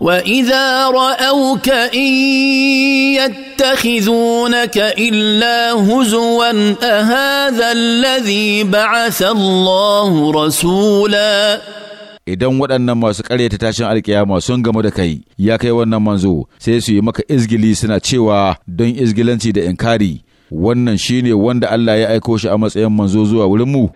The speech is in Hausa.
واذا راوك ان يتخذونك الا هزوا اهذا الذي بعث الله رسولا idan waɗannan masu ƙaryata tashin alkiyama sun gamu da kai ya kai wannan manzo sai su yi maka izgili suna cewa don izgilanci da inkari wannan shine wanda Allah ya aiko shi a matsayin manzo zuwa wurinmu